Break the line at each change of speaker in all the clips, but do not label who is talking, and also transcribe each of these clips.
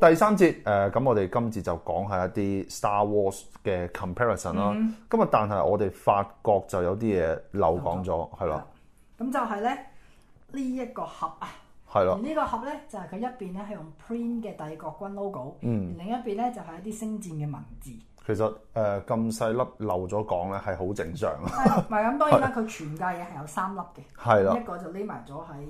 第三節，誒、呃、咁我哋今次就講一下一啲 Star Wars 嘅 comparison 啦、嗯。咁但係我哋發覺就有啲嘢漏講咗，係咯。
咁就係咧呢一、這個盒啊，
係咯了。呢
個盒咧就係、是、佢一邊咧係用 print 嘅帝國軍 logo，嗯，另一邊咧就係一啲星戰嘅文字。嗯、
其實誒咁細粒漏咗講咧係好正常，
唔係咁當然啦，佢是全架嘢係有三粒嘅，係啦，一個就匿埋咗喺。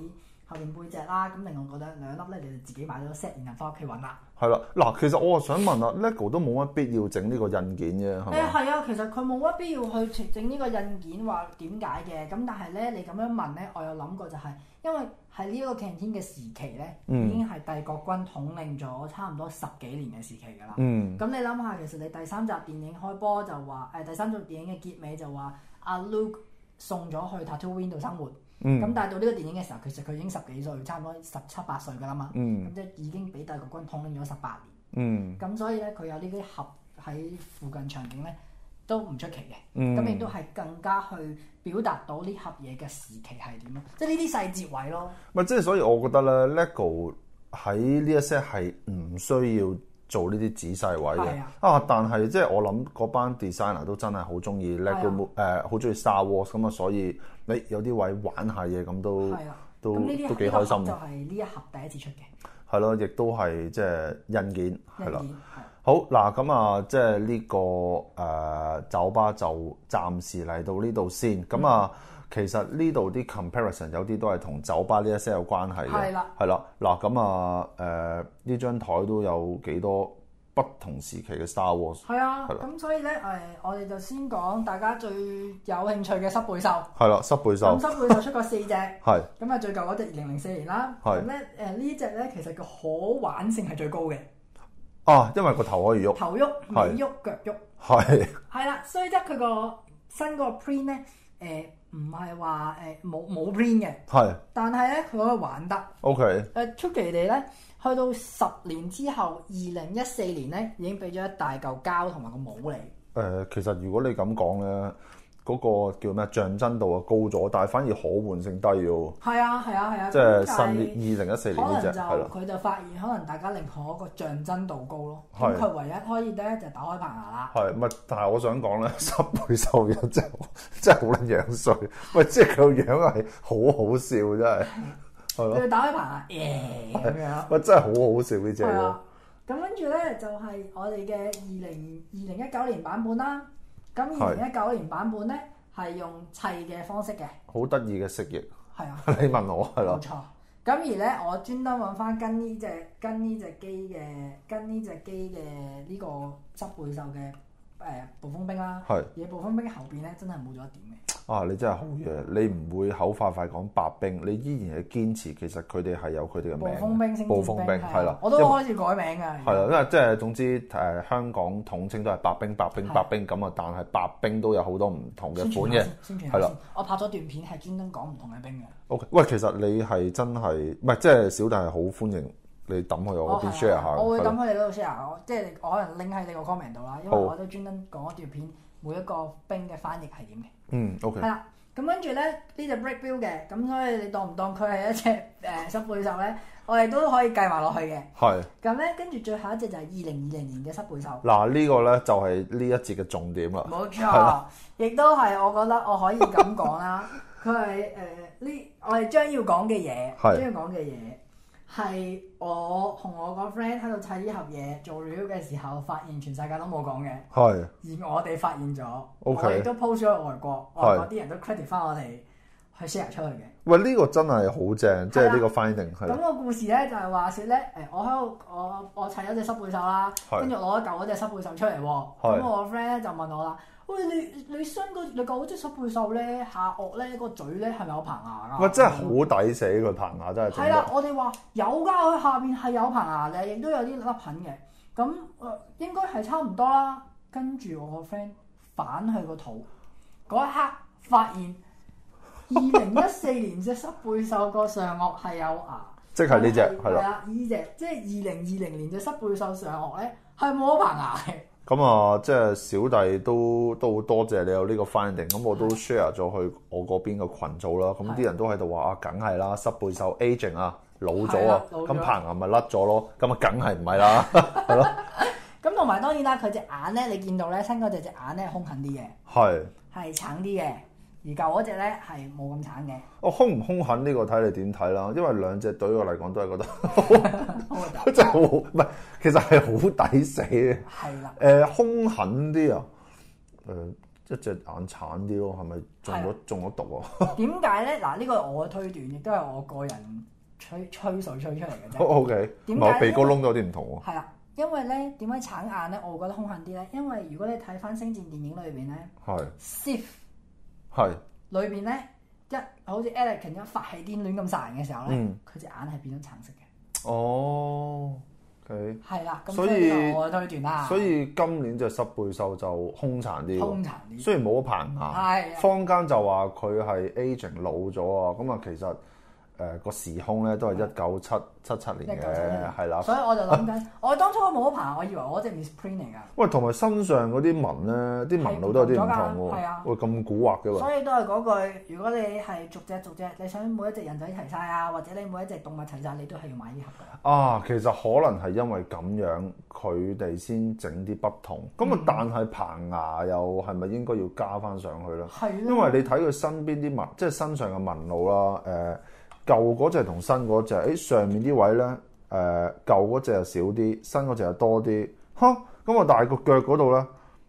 後面背脊啦，咁令我覺得兩粒咧，你就自己買咗 set，然後翻屋企揾啦。
係啦，嗱，其實我又想問啊 Lego 都冇乜必要整呢個印件啫，係嘛？誒係
啊，其實佢冇乜必要去整呢個印件，話點解嘅？咁但係咧，你咁樣問咧，我有諗過就係、是，因為喺呢個 Cantina 嘅時期咧，嗯、已經係帝國軍統領咗差唔多十幾年嘅時期㗎啦。嗯。咁、嗯、你諗下，其實你第三集電影開波就話，誒、呃、第三集電影嘅結尾就話，阿 Luke 送咗去 Tatooine 生活。咁但、嗯、到呢個電影嘅時候，其實佢已經十幾歲，差唔多十七八歲噶啦嘛。咁、嗯、即係已經俾帝國軍統領咗十八年。咁、嗯、所以咧，佢有呢啲盒喺附近場景咧，都唔出奇嘅。咁、嗯、亦都係更加去表達到呢盒嘢嘅時期係點咯。即係呢啲細節位咯。
咪即係所以，我覺得咧，LEGO 喺呢一些係唔需要做呢啲仔細位嘅。啊，啊，但係即係我諗嗰班 designer 都真係好中意 LEGO，誒好中意 Star Wars 咁啊，呃、Wars，所以。你、哎、有啲位玩下嘢咁都的都些都幾開心。就係
呢一盒第一次出
嘅。係咯，亦都係即係印件，係啦。好嗱，咁啊，即係呢個誒、呃、酒吧就暫時嚟到呢度先。咁啊、嗯，其實呢度啲 comparison 有啲都係同酒吧呢一些有關係嘅。係啦的。係啦，嗱，咁啊，誒呢張枱都有幾多？不同時期嘅 Star Wars 係啊，咁
所以咧誒，我哋就先講大家最有興趣嘅濕背獸
係啦，濕背獸咁濕
背就出過四隻係，咁啊最舊嗰隻二零零四年啦，咁咧誒呢隻咧其實個可玩性係最高嘅
啊，因為個頭可以喐頭喐，尾喐，腳喐係
係啦，所以則佢個新嗰個 print 咧誒。唔係話誒冇冇 print 嘅，係，欸、是但係咧佢可以玩得，OK，誒、呃、出奇地咧，去到十年之後，二零一四年咧已經俾咗一大嚿膠同埋個帽嚟。誒、
呃，其實如果你咁講咧。嗰個叫咩？象徵度啊高咗，但係反而可玩性低喎。
係啊，係啊，係啊。即係新
二零一四年嗰隻，係佢
就發現，可能大家寧可個象徵度高咯。係。佢唯一可以咧，就打開棚牙啦。
係。咪但係我想講咧，濕背獸就，真係好撚樣衰。喂，即係佢個樣係好好笑真係，係咯。佢打
開棚牙，咁樣。
喂，真係好好笑呢隻。係啊。
咁跟住咧，就係我哋嘅二零二零一九年版本啦。咁而咧一九年版本咧，係用砌嘅方式嘅，
好得意嘅蜥蜴，係啊， 你問我係咯。冇錯、啊。
咁而咧，我專登揾翻跟呢隻跟呢隻機嘅跟呢隻機嘅呢個濕背獸嘅誒暴風兵啦、啊，是而暴風兵後邊咧真係冇咗一點嘅。
啊！你真係好弱，你唔會口快快講白兵，你依然係堅持其實佢哋係有佢哋嘅名。暴風兵、星閃兵，係啦。我都開始
改名㗎。係啦，因
為即係總之誒，香港統稱都係白兵、白兵、白兵咁啊，但係白兵都有好多唔同嘅款嘅，係啦。
我拍咗段片係專登講唔同嘅兵嘅。
O K，喂，其實你係真係唔係即係小弟係好歡迎你抌去我嗰邊 share 下。我會抌去
你嗰度 share，我即係我可能拎喺你個 comment 度啦，因為我都專登講一段片每一個兵嘅翻譯係點嘅。嗯，OK。係啦，咁跟住咧，呢隻 break build 嘅，咁所以你當唔當佢係一隻誒、呃、濕背獸咧？我哋都可以計埋落去嘅。係的。咁咧，跟住最後一隻就係二零二零年嘅濕背獸。
嗱，呢個咧就係、是、呢一節嘅重點啦。冇錯錯。啦
的，亦都係我覺得我可以咁講啦，佢係誒呢，我哋將要講嘅嘢，將的要講嘅嘢。係我同我個 friend 喺度砌呢盒嘢做料嘅時候，發現全世界都冇講嘅，的而我哋發現咗，Okay. 我亦都 post 咗去外國，外國啲人都 credit 返我哋去 share 出去嘅。
喂，呢個真係好正，的即係呢個 finding。咁
個故事咧就係話説咧，誒，我喺度我我砌咗隻濕背獸啦，跟住攞一嚿嗰隻濕背獸出嚟喎，咁的我個 friend 咧就問我啦。喂你你新個你個好似濕背獸咧，下顎咧個嘴咧係咪有棚牙啊？哇！真
係好抵死，佢棚牙真係。係啦，我
哋話有㗎，佢下邊係有棚牙嘅，亦都有啲甩痕嘅。咁誒、呃、應該係差唔多啦。跟住我個 friend 反去個肚嗰一刻，發現二零一四年隻濕背獸個上顎係有牙，
即係呢隻係啦。
呢隻即係二零二零年隻濕背獸上顎咧係冇咗棚牙嘅。
咁啊，即係小弟都都好多謝你有呢個 finding，咁我都 share 咗去我嗰邊嘅群組啦。咁啲人都喺度話啊，梗係啦，濕背獸 aging 啊，老咗啊，咁棚牙咪甩咗咯，咁啊梗係唔係啦，係
咯。咁同埋當然啦，佢隻 眼咧，你見到咧，新嗰隻隻眼咧，凶狠啲嘅，係，係橙啲嘅。而舊嗰隻咧係冇咁慘
嘅。我兇唔兇狠呢個睇你點睇啦，因為兩隻對我嚟講都係覺得，真係好唔係，其實係好抵死嘅。係啦。誒兇狠啲啊，誒一隻眼慘啲咯，係咪中咗中咗毒啊？
點解咧？嗱呢個係我嘅推斷亦都係我個人吹吹水吹出嚟嘅啫。O K。
點解鼻哥窿都有啲唔同喎？係
啦，因為咧點解橙眼咧？我覺得兇狠啲咧，因為如果你睇翻星戰電影裏邊咧，
係。係，
裏邊咧一好似 Erickson 一發起癲亂咁殺人嘅時候咧，佢隻、嗯、眼係變咗橙色嘅。
哦，佢
係啦，咁所以，所以我推斷啦。所以
今年隻濕背獸就兇殘啲，兇殘啲。雖然冇咗棚牙，坊間就話佢係 agent 老咗啊，咁啊其實。誒個時空咧都係一九七七年嘅係啦，所以我就諗緊，
我當初冇棚，我以為我隻 misprint 嚟㗎。
喂，同埋身上嗰啲紋咧，啲紋路都有啲唔同㗎，係啊，喂咁古惑嘅喎。所
以都係嗰句，如果你係逐隻逐隻，你想每一隻人仔齊晒啊，或者你每一隻動物齊晒，你都係要買呢
盒㗎。啊，其實可能係因為咁樣，佢哋先整啲不同。咁啊，但係棚牙又係咪應該要加翻上去咧？係咯，因為你睇佢身邊啲紋，即係身上嘅紋路啦，誒。舊嗰隻同新嗰隻，誒上面啲位咧，誒、呃、舊嗰隻又少啲，新嗰隻又多啲，哼，咁啊但係個腳嗰度咧，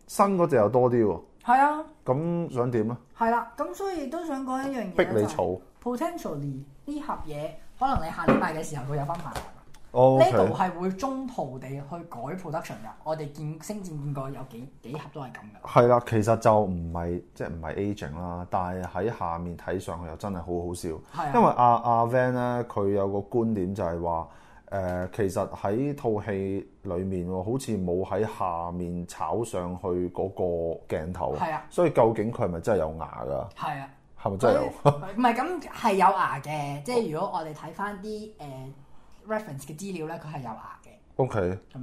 新嗰隻又多啲喎。
係啊。
咁想點啊？
係啦，咁所以都想講一樣嘢。逼你儲。Potentially 呢盒嘢，可能你下禮拜嘅時候佢有得賣。
呢度係
會中途地去改 production 嘅，我哋見《星戰》見過有幾幾盒都係咁嘅。
係啦，其實就唔係，即係唔係 aging 啦，但係喺下面睇上去又真係好好笑。係的，因為阿阿 Van 咧，佢、啊、有個觀點就係話，誒、呃，其實喺套戲裏面好似冇喺下面炒上去嗰個鏡頭。係啊的。所以究竟佢係咪真係有牙噶？係啊的。係咪真係有？
唔係咁係有牙嘅，即係如果我哋睇翻啲誒。呃 reference 嘅資料咧，佢係有額嘅。O K，
咁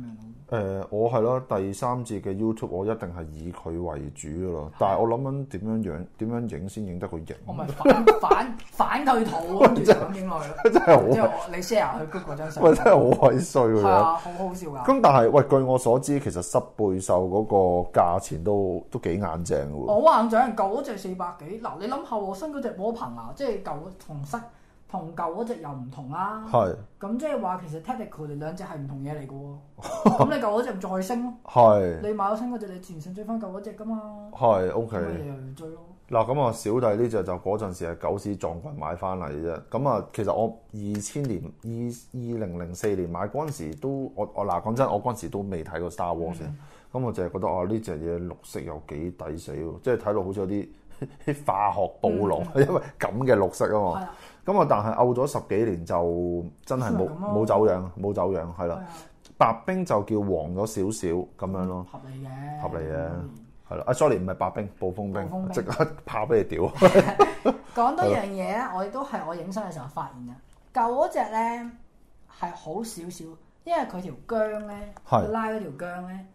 樣誒，我係咯，第三節嘅 YouTube，我一定係以佢為主噶咯。但係我諗緊點樣樣點樣影先影得佢型？我咪
反反反對圖咁影落去咯，真係好。你 share 佢 google 張相，真係好
鬼衰嘅。好好笑嘅。咁但係喂，據我所知，其實濕背獸嗰個價錢都都幾硬正喎。我
硬正舊嗰隻四百幾，嗱你諗下我新嗰隻魔棚啊，即係舊同新。同舊嗰隻又唔同啦，咁是即係話其實 technical 兩隻係唔同嘢嚟嘅喎，咁 你舊嗰隻唔再升咯，你買咗新嗰隻，你自然想追翻舊嗰隻㗎嘛，
係 OK，追嗱咁啊小弟呢隻就嗰陣時係狗屎撞群買翻嚟啫，咁啊其實我二千年二二零零四年買嗰陣時都我我嗱講真，我嗰陣時都未睇過 Star Wars，咁的我就係覺得哦呢隻嘢綠色又幾抵死喎，即係睇到好似有啲化學暴龍的因為咁嘅綠色啊嘛。的咁啊！但係漚咗十幾年就真係冇冇走樣，冇走樣係啦。的白兵就叫黃咗少少咁樣咯，嗯、合理嘅，合理嘅係啦。啊 sorry 唔係白兵，暴風兵，即刻炮俾你屌。
講 多樣嘢咧， 的我亦都係我影相嘅時候發現嘅。的舊嗰隻咧係好少少，因為佢條頸咧，拉嗰條頸咧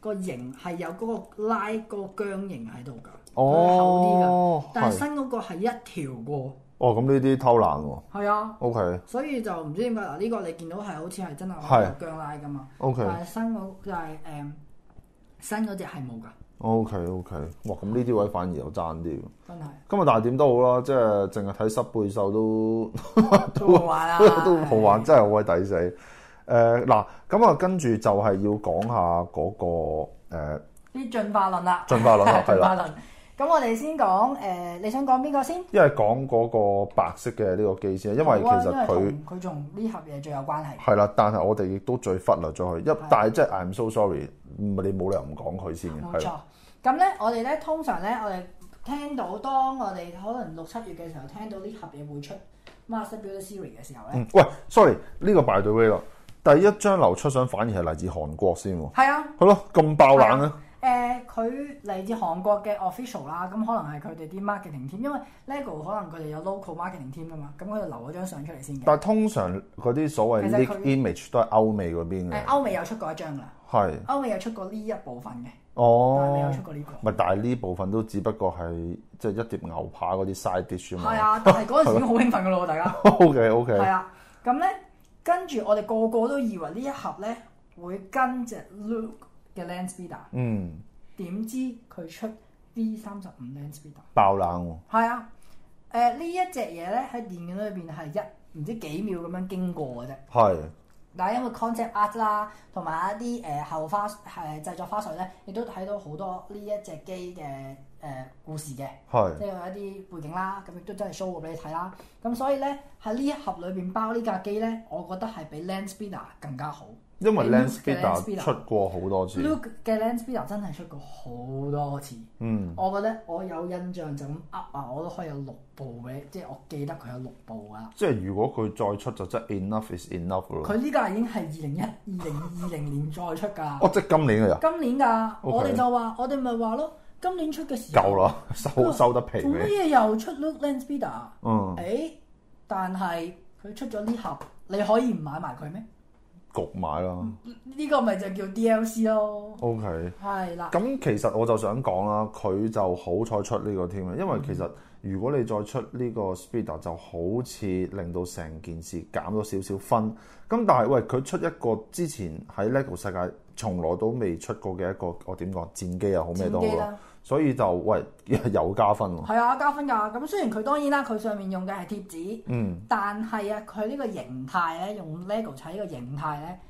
個形係有嗰個拉個頸形喺度㗎，哦、厚啲㗎。但係新嗰個係一條過。的
哦，咁呢啲偷懶喎。係啊。O K、啊。Okay, 所
以就唔知點解嗱，呢、這個你見到係好似係真係好有腳拉噶嘛。O okay , K。但係新嗰就係、是、誒、嗯，新嗰隻係冇
噶。O K O K，哇，咁呢啲位反而又爭啲。真係。今日但係點都好啦，即係淨係睇濕背獸都
都好玩啦、啊，都
好玩，的真係好鬼抵死。誒、呃，嗱，咁啊、那個，跟住就係要講下嗰個誒。
啲進化論啦，進 化論啦，咁我哋先講，誒、呃、你想講邊個先？
因為講嗰個白色嘅呢個機先，因為其實佢
佢仲呢盒嘢最有關
係。係啦，但係我哋亦都最忽略咗佢，一的但係即係 I'm so sorry，唔係你冇理由唔講佢先嘅。冇、啊、錯。
咁咧的，我哋咧通常咧，我哋聽到當我哋可能六七月嘅時候聽到呢盒嘢會出 Master Builder Series
嘅時候咧、嗯，喂，sorry，呢個 by the way 啦。第一張流出相反而係嚟自韓國先喎。係啊的。係咯，咁爆冷啊的！
誒，佢嚟自韓國嘅 official 啦，咁可能係佢哋啲 marketing team，因為 LEGO 可能佢哋有 local marketing team 噶嘛，咁佢就留咗張相出嚟先。但
係通常嗰啲所謂啲 image 都係歐美嗰邊嘅。誒、
呃、歐美有出過一張啦，係是歐美有出過呢一部分嘅，哦，歐
美有出過呢、呢個。咪但係呢部分都只不過係即係一碟牛扒嗰啲 side dish 算埋。係
啊，但係嗰陣時已經好興奮噶咯， 大家。O K O K。係啊，咁咧跟住我哋個個都以為呢一盒咧會跟隻 Look。嘅 Land Speeder 嗯，點知佢出 B 三十五 Land Speeder
爆冷喎，
係啊，誒呢、啊呃、一隻嘢咧喺電影裏邊係一唔知幾秒咁樣經過嘅啫，
係是，
但因為 concept art 啦，同埋一啲誒、呃、後花係、呃、製作花絮咧，亦都睇到好多呢一隻機嘅誒、呃、故事嘅，係是，即係有一啲背景啦，咁亦都真係 show 過俾你睇啦，咁所以咧喺呢一盒裏邊包呢架機咧，我覺得係比 Land Speeder 更加好。因為 Landspeeder 出
過好多次，Luke
嘅 Landspeeder 真係出過好多次。多次，嗯，我覺得我有印象就咁噏啊，我都可以有六部嘅，即係我記得佢有六部啊。即
係如果佢再出就即係 enough is enough 啦。佢
呢架已經係二零一、二零二零年再出㗎。 哦，即
係今年咋？
今年㗎 Okay.，我哋就話，我哋咪話咯，今年出嘅時候
夠啦，收說收得皮咩？做乜嘢
又出 Luke Landspeeder？嗯，誒，但係佢出咗呢盒，你可以唔買埋佢咩？局買咯 Okay. 啦，呢個咪就叫 DLC 咯。OK，係啦。咁
其實我就想講啦，佢就好彩出呢、這個添啊，因為其實如果你再出呢個 Speeder，就好似令到成件事減咗少少分。咁但係喂，佢出一個之前喺 LEGO 世界，從來都未出過嘅一個，我點講戰機又好咩都好咯，所以就喂有加分喎。係
啊，加分㗎。咁雖然佢當然啦，佢上面用嘅係貼紙，嗯、但係啊，佢呢個形態咧，用 LEGO 砌呢個形態咧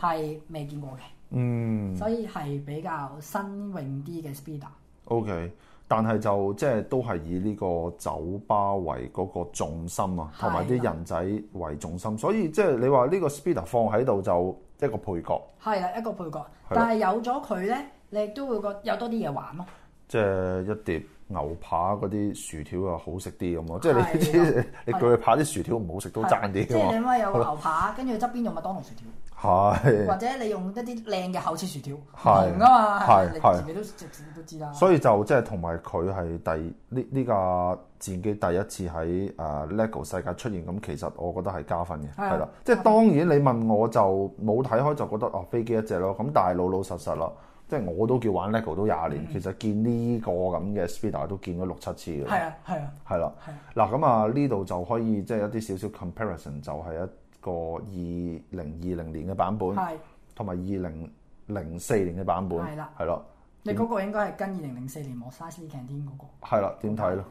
係未見過嘅。嗯，所以係比較新穎啲嘅 Speeder。
OK，但係就即係都係以呢個酒吧為嗰個重心啊，同埋啲人仔為重心，的所以即係你話呢個 Speeder 放喺度就。一個配角，
係啦，一個配角，但係有咗佢咧，你都會覺有多啲嘢玩咯。
即係一碟牛扒嗰啲薯條啊，好食啲咁咯。即係你你佢拍啲薯條唔好食都爭啲。即係你咪有個牛扒，
跟住側邊用麥當勞薯條，
係，或者你用一
啲靚嘅厚切薯條，長噶嘛，你自己都自己都知啦。所
以就即係同埋佢係第呢呢架戰機第一次喺誒 LEGO 世界出現，咁其實我覺得係加分嘅，係啦。即係當然你問我就冇睇開就覺得哦飛機一隻咯，咁但係老老實實咯，即係我都叫玩 LEGO 都廿年，其實見呢個咁嘅 Speeder 都見咗六七次嘅。係啊，係啊，係啦，係。嗱咁啊，呢度就可以即係一啲少少 comparison 就係一。個二零二零年嘅版本，係同埋二零零四年嘅版本，係啦，係咯。
你嗰個應該係跟二零零四年 Mos Eisley Cantina 嗰個，
係啦。點睇咧？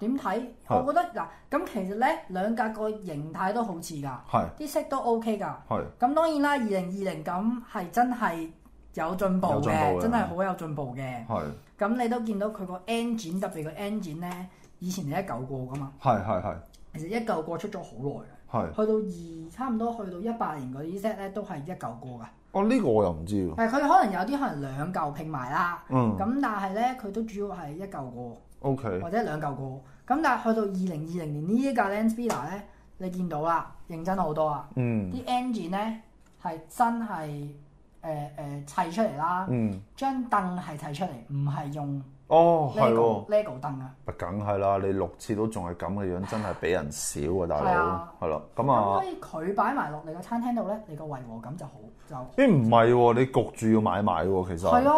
點睇？我覺得嗱，咁其實咧，兩格個形態都好似㗎，係啲色都 OK 㗎，係。咁當然啦，二零二零咁係真係有進步嘅，真係好有進步嘅。係。咁你都見到佢個 engine，特別個 engine 咧，以前係一舊過㗎嘛？係係係。其實一舊過出咗好耐。係，是去到二差唔多去到一八年嗰啲 set 咧，都係一嚿過㗎。
哦，呢、呢個我又唔知喎。
佢可能有啲可能兩嚿拼埋啦。嗯。咁但係咧，佢都主要係一嚿過。O K、嗯。Okay. 或者兩嚿過。咁但係去到二零二零年呢一架 Landspeeder 咧，你見到啦，認真好多啊。嗯。啲 engine 咧係真係誒誒砌出嚟啦。嗯。張凳係砌出嚟，唔係用。
哦，係咯，LEGO 燈啊！咪梗係啦，你六次都仲係咁嘅樣、樣，真係俾人少啊！ 大佬哥，係咯，咁啊，
佢擺埋落你個餐廳度咧，你個違和感就好
就好、欸。咦？唔係喎，你焗住要買埋喎，其實。係啦。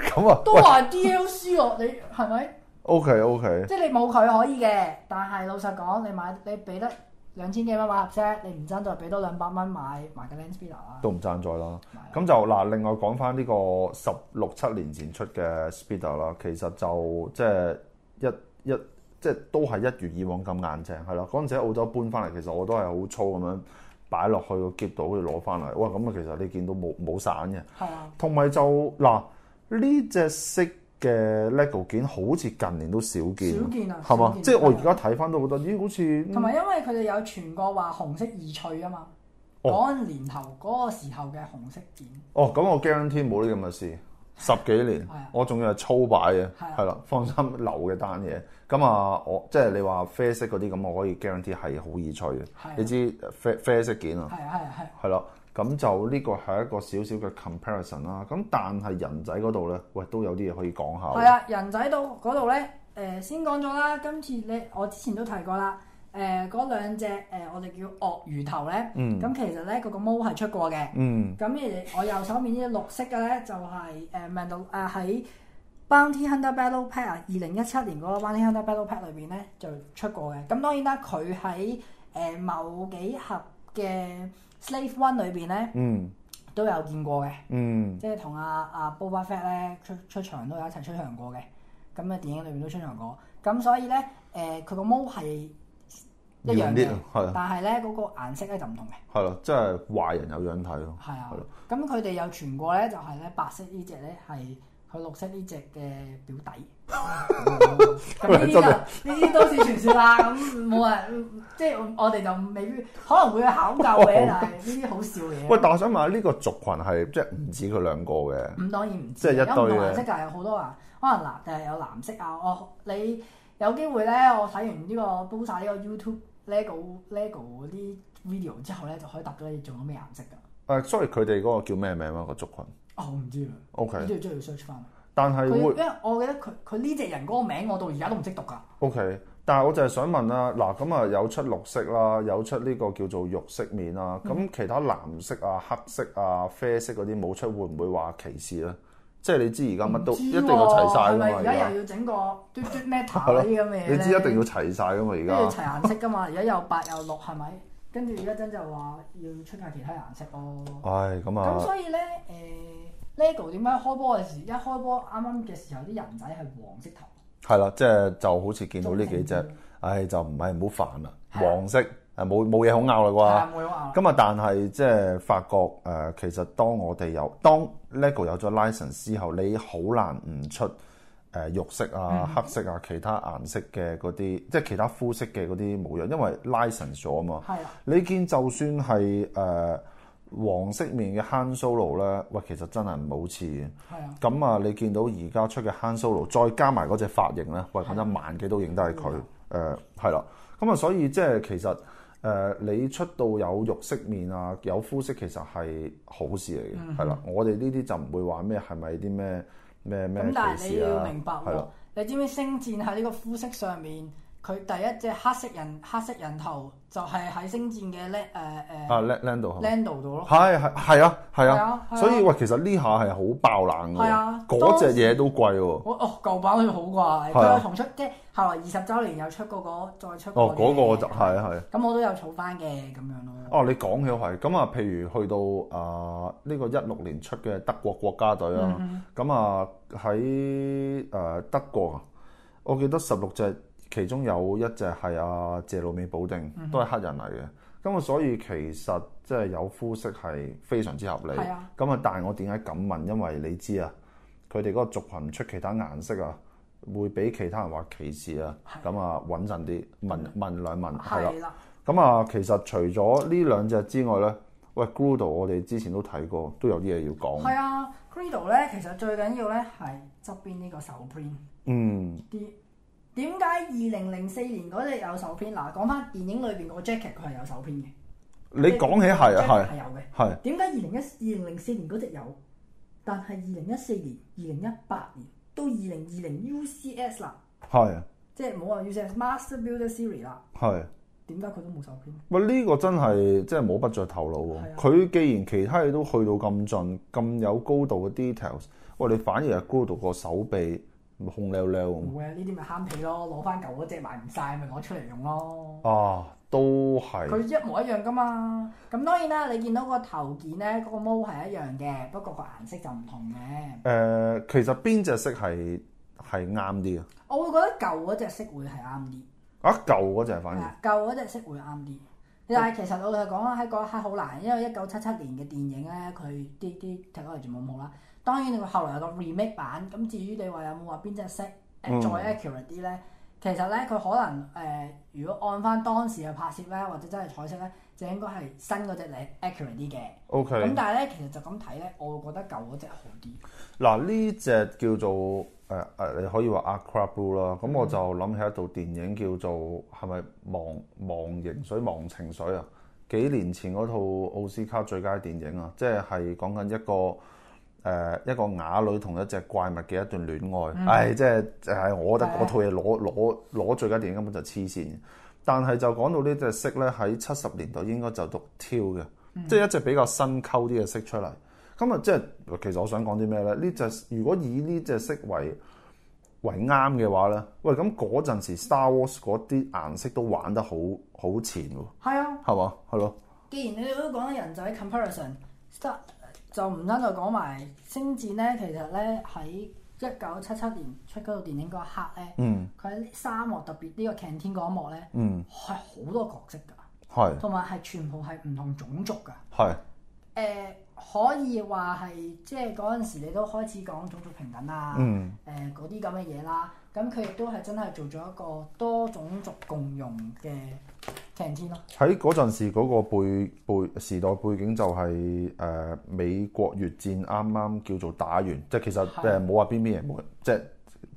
咁啊。 啊都話
DLC 喎、啊， 你係咪
？OK OK。即係你
冇佢可以嘅，但係老實講，你買你俾得。兩千幾蚊買盒啫，你唔贊助俾多兩百蚊買埋個 Landspeeder
啦，啊、都唔贊助啦。咁了就嗱，另外講翻呢個十六七年前出嘅 Speeder 啦，其實就即係、就是、一一即係、就是、都係一如以往咁硬淨，係啦。嗰陣時喺澳洲搬翻嚟，其實我都係好粗咁樣擺落去個篋度去攞翻嚟。哇，咁啊其實你見到冇冇散嘅，同埋的就嗱呢隻色，嘅 LEGO 件好似近年都少見，少見啊，係嘛？即係我而家睇返都好多，咦？好似同埋
因為佢哋有傳過話紅色易脆啊嘛，嗰年頭嗰個時候嘅紅色件。
哦，咁我 guarantee 冇呢咁嘅事，十幾年，我仲要係粗擺嘅，係啦，放心留嘅單嘢。咁啊，我即係你話啡色嗰啲咁，我可以 guarantee 係好易脆嘅。你知啡啡色件啊？係啊係啊係，係啦。咁就呢個係一個少少嘅 comparison 啦。咁但係人仔嗰度咧，喂都有啲嘢可以講下。係啊，
人仔度嗰度咧，誒、呃、先講咗啦。今次咧，我之前都提過啦。誒、呃、嗰兩隻、呃、我哋叫鱷魚頭咧，咁、嗯、其實咧嗰、那個毛係出過嘅。嗯。咁而我右手呢、就是呃 Mando，呃、Pack, 面呢隻綠色嘅咧，就係誒 Mando 啊喺《Bounty Hunter Battle Pack 啊。二零一七年嗰個《Bounty Hunter Battle Pack》裏邊咧就出過嘅。咁當然啦、啊，佢喺誒某幾盒嘅。Slave One 裏邊咧，面呢嗯、都有見過嘅，嗯、即係同阿、啊、阿、啊、Boba Fett 咧出出場都有一齊出場過嘅，咁嘅電影裏邊都出場過，咁所以咧，誒佢個毛係一樣嘅，但係咧嗰個顏色咧就唔同嘅，
係咯，即係壞人有樣睇咯，係啊，
咁佢哋有傳過咧，就係、是、咧白色隻呢隻咧係。佢綠色呢隻嘅表弟，
咁呢啲呢啲
都市傳說啦。咁冇啊，即、就、係、是、我哋就未必可能會去考究嘅，但係呢啲好笑嘅。喂，
但我想問下，呢、這個族群係即係唔止佢兩個嘅，咁
當然唔止即係一堆嘅。唔同色㗎，有好多顏，可能藍誒有藍色啊。我、哦、你有機會咧，我睇完呢、這個煲晒呢個 YouTube Lego Lego 嗰啲 video 之後咧，就可以答到你仲有咩顏色㗎？誒、
uh，sorry，佢哋嗰個叫咩名啊？個族群？我唔知啊。OK，都
要追去 search
翻。但係會，因
為我記得佢佢呢隻人嗰個名，我到而家都唔識讀噶。
OK，但係我就係想問啦，嗱咁啊，有出綠色啦，有出呢個叫做肉色面啦，咁其他藍色啊、黑色啊、啡色嗰啲冇出，會唔會話歧視咧？即係你知而家乜都一定要齊晒，噶嘛？而家又
要整個嘟嘟 o d meta 嗰啲咁嘅嘢，你知一定
要齊晒噶嘛？而家，即係齊
顏色噶嘛？而家又白又綠，係咪？跟住而家真就話要出下其他顏色
咯。係咁啊。咁所以
咧，誒。LEGO 點解開波嘅時一開波啱啱嘅時候啲人仔係
黃色頭？係啦，即係就好似見到呢幾隻，唉，就唔係唔好煩啦。黃色係冇冇嘢好拗啦啩。咁啊，但係即係發覺誒，其實當我哋有當 LEGO 有咗 license 之後，你好難唔出誒肉、呃、色啊、嗯、黑色啊、其他顏色嘅嗰啲，即係其他膚色嘅嗰啲模樣，因為 license 咗啊嘛。係啦的。的你見就算係誒。呃呃黃色面嘅 Han Solo 咧，喂，其實真係唔好似嘅。咁啊的，你見到而家出嘅 Han Solo，再加埋嗰隻髮型咧，喂的，講得萬幾都認得係佢。誒的，係啦、呃。咁啊，所以即係其實誒，你出到有肉色面啊，有膚色其實係好事嚟嘅。係啦、嗯哼，我哋呢啲就唔會話咩係咪啲咩咩咩歧視啦。但係你要明白啊，係啦，
你知唔知星戰喺呢個膚色上面？佢第一隻黑色人，黑色人頭就係喺星戰嘅咧，誒
誒啊 Lando Lando 度，Lando 度度咯，係係係啊係啊，所以哇，其實呢下係好爆冷㗎，嗰隻嘢都貴喎。
哦哦，舊版好似好貴，佢又重出，即係後來二十週年又出過個，再出過個。哦，
嗰個就係啊係。
咁我都有儲翻嘅咁
樣咯。哦，你講起又係咁啊！譬如去到啊呢個一六年出嘅德國國家隊啊。咁啊喺誒德國啊，我記得十六隻。其中有一隻係阿、啊、謝魯美保定，都係黑人嚟嘅。咁啊，所以其實即係有膚色係非常之合理。咁啊，但係我點解咁問？因為你知啊，佢哋嗰個族群出其他顏色啊，會俾其他人話歧視啊。咁啊，穩陣啲問、啊、問，問兩問係啦。咁啊，啊，啊，其實除咗呢兩隻之外咧，喂，Greedo，我哋之前都睇過，都有啲嘢要講。係
啊，Greedo 咧，其實最緊要咧係側邊呢個手 print，嗯，啲、嗯。點解二零零四年嗰隻有首編？嗱，講翻電影裏邊個 Jacket，佢係有首編嘅。你講起係啊，係係是有嘅，係是。點解二零一二零零四年嗰隻有，但係二零一四年、二零一八年到二零二零 UCS 啦，
係啊，
是即係冇話 UCS Master Builder Series 啦，
係是。
點解佢都冇首編？
喂，呢個真係即係冇不着頭腦喎。佢、啊、既然其他嘢都去到咁盡、咁有高度嘅 details，喂，你反而係孤獨個手臂。紅溜溜咁，
呢啲咪慳皮咯，攞翻舊嗰隻賣唔晒咪攞出嚟用咯。
啊，都係。佢一
模一樣噶嘛，咁當然啦。你見到個頭件咧，嗰、嗰個毛係一樣嘅，不過個顏色就唔同嘅。
誒、呃，其實邊隻色係係啱啲啊？
我會覺得舊嗰隻色會係啱啲。啊，
舊嗰隻
反而？舊隻色會啱啲，但係其實我哋講喺嗰一刻好難，因為一九七七年嘅電影咧，佢啲啲特效全冇冇啦。當然，你會後來有個 remake 版咁。至於你話有冇話邊隻色誒再 accurate 啲咧？嗯、其實咧，佢可能誒、呃，如果按翻當時嘅拍攝咧，或者真係彩色咧，就應該係新嗰隻嚟 accurate 啲嘅。OK. 咁但係咧，其實就咁睇咧，我會覺得舊嗰隻好啲
嗱，呢隻叫做誒誒、呃，你可以話 Aquar Blue 啦。咁我就諗起一套電影叫做係咪《嗯、係咪忘忘形水忘情水》啊？幾年前嗰套奧斯卡最佳電影啊，即係講緊一個。誒、呃、一個啞女同一隻怪物嘅一段戀愛，唉、嗯哎，即係就、呃、我覺得嗰套嘢攞攞攞最佳電影根本就黐線。但係就講到呢隻色咧，喺七十年代應該就讀挑嘅，嗯、即係一隻比較新溝啲嘅色出嚟。咁啊，即係其實我想講啲咩咧？呢隻如果以呢隻色為為啱嘅話咧，喂，咁嗰陣時 Star Wars 嗰啲顏色都玩得好好前
喎。
係啊，係嘛，係咯。
既然你都講人仔 comparison，Star。就唔單止講埋《星戰》咧，其實咧喺一九七七年出嗰部電影嗰一刻咧，佢喺、嗯、沙漠特別呢、呢個 cantina 嗰一幕咧，係好、嗯、多角色㗎，同埋係全部係唔同種族㗎。誒係、呃、可以話係即係嗰陣時，你都開始講種族平等啊，誒嗰啲咁嘅嘢啦。咁佢亦都係真係做咗一個多種族共融嘅。平戰
咯，喺嗰陣時嗰個背背時代背景就係、是、誒、呃、美國越戰啱啱叫做打完，即係的其實誒冇話邊邊，即係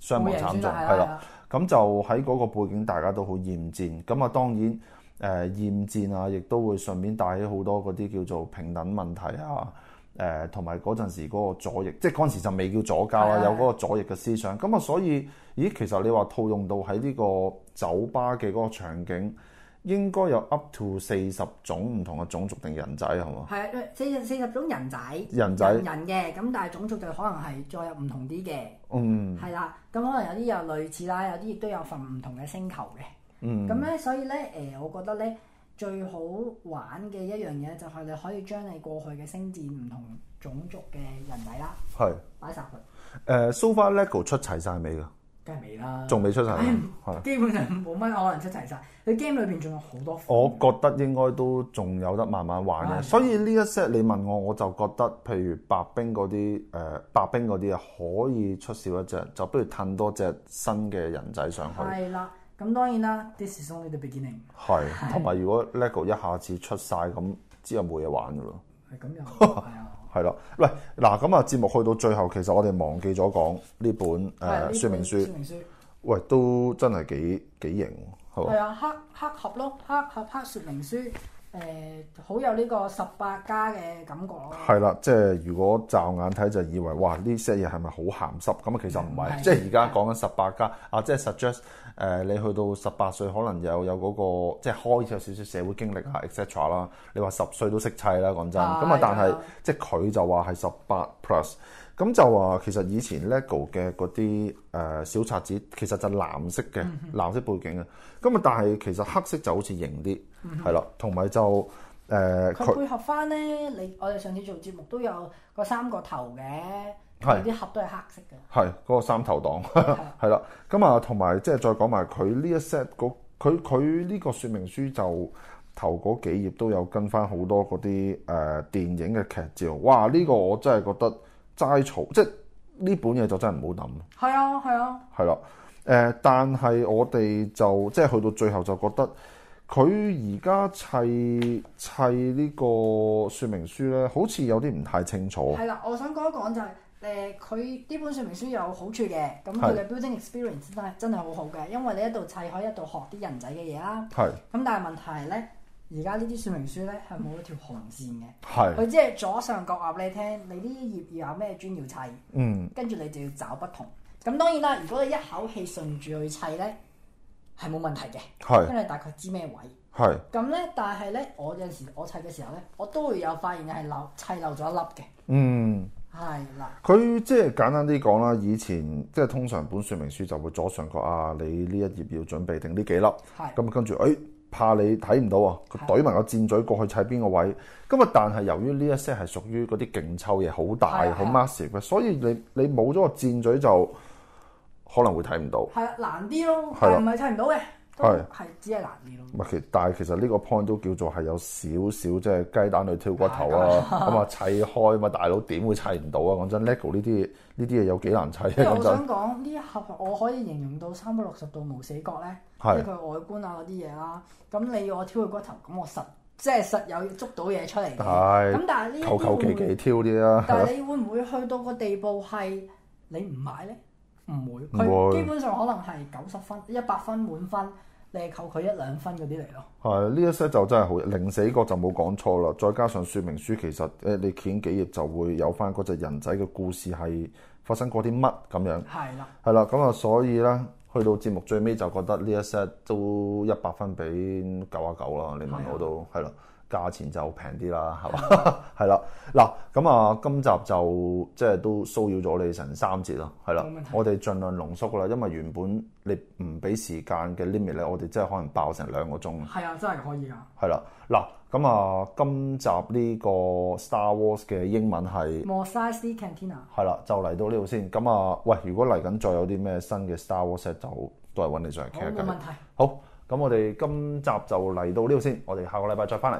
傷亡慘重係啦。咁就喺嗰個背景，大家都好厭戰咁啊。當然誒厭、呃、戰啊，亦都會順便帶起好多嗰啲叫做平等問題啊。誒同埋嗰陣時嗰個左翼，即係嗰陣時就未叫左膠啦、啊，的有嗰個左翼嘅思想。咁啊，所以咦，其實你話套用到喺呢個酒吧嘅嗰個場景。應該有 up to 四十種唔同嘅種族定人仔，係嘛？
係啊，四十四十種人仔，人仔，人嘅，咁，但係種族就可能係再有唔同啲嘅。
嗯。係啦，
咁可能有啲又類似啦，有啲亦都有份唔同嘅星球嘅。嗯。咁咧，所以咧，誒、呃，我覺得咧，最好玩嘅一樣嘢就係你可以將你過去嘅星戰唔同種族嘅人仔啦，係擺晒佢。
誒，so far, Lego 出齊晒未㗎？仲未出晒，嗯、是基
本上冇乜可能出齊晒，你 game 裏邊仲有好多。我
覺得應該都仲有得慢慢玩嘅。的所以呢一 set 你問我，我就覺得譬如白兵嗰啲，誒、呃、白兵嗰啲啊，可以出少一隻，就不如褪多隻新嘅人仔上去。
係啦，咁當然啦，This is only the beginning 是。
係的，同埋如果 LEGO 一下子出晒咁，之後冇嘢玩噶咯。係咁樣。 係咯，喂，嗱咁啊，節目去到最後，其實我哋忘記咗講呢本誒說明書。喂，都真係幾幾型，係係啊，
黑黑盒咯，黑盒黑說明書，誒、呃、好有呢個十八加嘅感覺咯。
係啦，即係如果驟眼睇就以為哇，呢些嘢係咪好鹹濕？咁啊，其實唔係，的即係而家講緊十八加啊，的即係 suggest。誒，你去到十八歲，可能有有嗰、那個即係開始有少少社會經歷啊，et cetera 啦。你話十歲都識砌啦，講真。咁啊的，但係即係佢就話係十八 plus。咁就話其實以前 LEGO 嘅嗰啲誒、呃、小冊子其實就藍色嘅、嗯、哼藍色背景啊。咁啊，但係其實黑色就好似型啲，係啦、嗯哼。同埋就誒，佢配
合翻咧。你我哋上次做節目都有個三個頭嘅。係啲是盒都係
黑色嘅。係嗰、那個三頭黨，係啦。咁啊，同埋、啊啊、即係再講埋佢呢一 set 佢佢呢個說明書就頭嗰幾頁都有跟翻好多嗰啲誒電影嘅劇照。哇！呢、這個我真係覺得齋嘈，即係呢本嘢就真係唔好諗。
係啊，係
啊。係啦、啊，誒、呃，但係我哋就即係去到最後就覺得佢而家砌砌呢個說明書咧，好似有啲唔太清楚。係啦、啊，
我想講一講就係、是。誒佢呢本説明書有好處嘅，咁佢嘅 building experience 是真係真係好好嘅，因為你一度砌可以一度學啲人仔嘅嘢啦。係是。咁、嗯、但係問題咧，而家呢啲説明書咧係冇一條紅線嘅。係是。佢即係左上角話畀你聽，你呢一頁要有咩磚要砌。嗯。跟住你就要找不同。咁、嗯、當然啦，如果你一口氣順住去砌咧，係冇問題嘅。係是。因為大概知咩位。係是。咁咧、嗯，但係咧，我有陣時我砌嘅時候咧，我都會有發現係漏砌漏咗一粒嘅。嗯。
係啦，佢即係簡單啲講啦，以前即係通常本說明書就會左上角啊，你呢一頁要準備定呢幾粒，係咁的跟住，哎、欸，怕你睇唔到啊，佢懟埋個箭嘴過去砌邊個位，咁啊，但係由於呢一些係屬於嗰啲勁抽嘢，好大，好 massive 嘅，mass ive, 的所以你你冇咗個箭嘴就可能會睇唔到，
係啊，難啲咯，係唔係砌唔到嘅？的係係，只係是是難
啲以咯。唔係其，但係其實呢個 point 都叫做係有少少即係雞蛋去挑骨頭啊！咁啊的，砌開嘛， 大佬點會砌唔到啊？講真，lego 呢啲呢啲嘢有幾難砌啊！我想
講呢一盒，我可以形容到三百六十度冇死角咧，因為佢是外觀啊嗰啲嘢啦。咁你要我挑佢骨頭，咁我實即係實有捉到嘢出嚟。係的。咁但係呢啲求求其其
挑啲啊？但係你會
唔會去到個地步係你唔買咧？唔 會，佢基本上可能係九十分、一百分滿分。你
扣佢一兩分嗰啲嚟咯，係呢一 set 就真係好零死角就冇講錯啦，再加上說明書其實誒你掀幾頁就會有返嗰隻人仔嘅故事係發生過啲乜咁樣，係啦的，係啦，咁啊所以咧去到節目最尾就覺得呢一 set 都一百分俾九啊九啦，你問我都係啦。的價錢就平啲啦，係嘛吧？係啦， 嗱咁啊，今集就即係都騷擾咗你成三節咯，係啦。我哋盡量濃縮啦，因為原本你唔俾時間嘅 limit 咧，我哋即係可能爆成兩個鐘。係啊，
真係可以㗎。
係啦，嗱咁啊，今集呢個 Star Wars 嘅英文係。
Mos Eisley Cantina。
係啦，就嚟到呢度先。咁啊，喂，如果嚟緊再有啲咩新嘅 Star Wars 咧，就再揾你再傾一傾。冇問題。好，咁我哋今集就嚟到呢度先。我哋下個禮拜再翻嚟。